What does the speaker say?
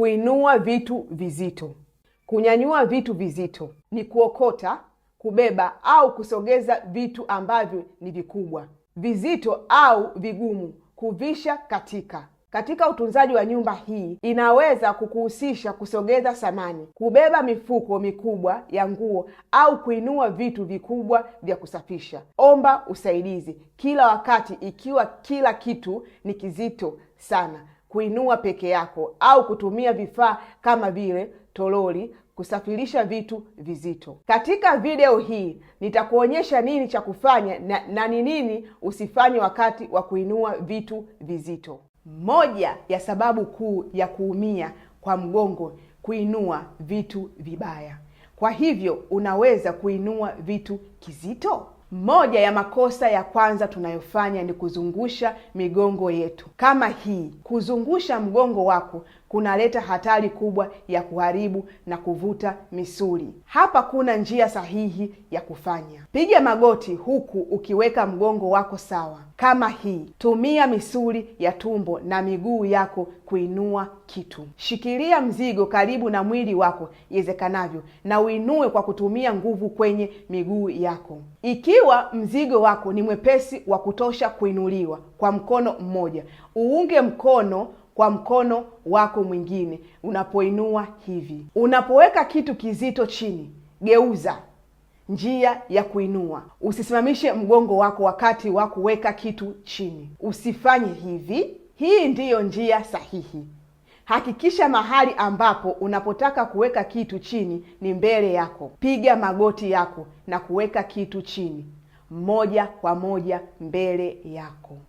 kuinua vitu vizito. Kunyanyua vitu vizito ni kuokota, kubeba au kusogeza vitu ambavyo ni vikubwa, vizito au vigumu, kuvisha katika katika utunzaji wa nyumba hii inaweza kukuhusisha kusogeza samani, kubeba mifuko mikubwa ya nguo au kuinua vitu vikubwa vya kusafisha. Omba usaidizi kila wakati ikiwa kila kitu ni kizito sana kuinua peke yako au kutumia vifaa kama vile toroli kusafirisha vitu vizito. Katika video hii nitakuonyesha nini cha kufanya na ni nini usifanye wakati wa kuinua vitu vizito. Moja ya sababu kuu ya kuumia kwa mgongo kuinua vitu vibaya. Kwa hivyo unaweza kuinua vitu kizito moja ya makosa ya kwanza tunayofanya ni kuzungusha migongo yetu kama hii. Kuzungusha mgongo wako kunaleta hatari kubwa ya kuharibu na kuvuta misuli. Hapa kuna njia sahihi ya kufanya: piga magoti huku ukiweka mgongo wako sawa kama hii. Tumia misuli ya tumbo na miguu yako kuinua kitu. Shikilia mzigo karibu na mwili wako iwezekanavyo, na uinue kwa kutumia nguvu kwenye miguu yako. Ikiwa mzigo wako ni mwepesi wa kutosha kuinuliwa kwa mkono mmoja, uunge mkono kwa mkono wako mwingine. Unapoinua hivi, unapoweka kitu kizito chini, geuza njia ya kuinua. Usisimamishe mgongo wako wakati wa kuweka kitu chini, usifanye hivi. Hii ndiyo njia sahihi. Hakikisha mahali ambapo unapotaka kuweka kitu chini ni mbele yako. Piga magoti yako na kuweka kitu chini moja kwa moja mbele yako.